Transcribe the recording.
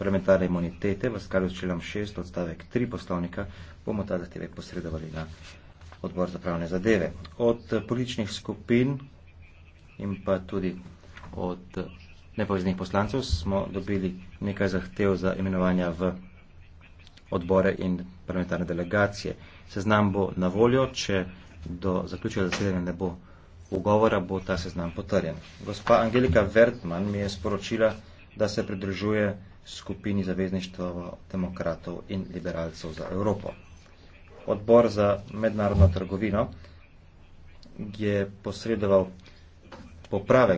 parlamentarne imunitete v skladu s členom 6 odstavek 3 poslovnika bomo ta zahteve posredovali na odbor za pravne zadeve. Od političnih skupin in pa tudi od nepoveznih poslancev smo dobili nekaj zahtev za imenovanja v odbore in parlamentarne delegacije. Seznam bo na voljo, če do zaključka zasedanja ne bo ugovora, bo ta seznam potrjen. Gospa Angelika Vertman mi je sporočila, da se pridružuje skupini zavezništva demokratov in liberalcev za Evropo. Odbor za mednarodno trgovino je posredoval poprave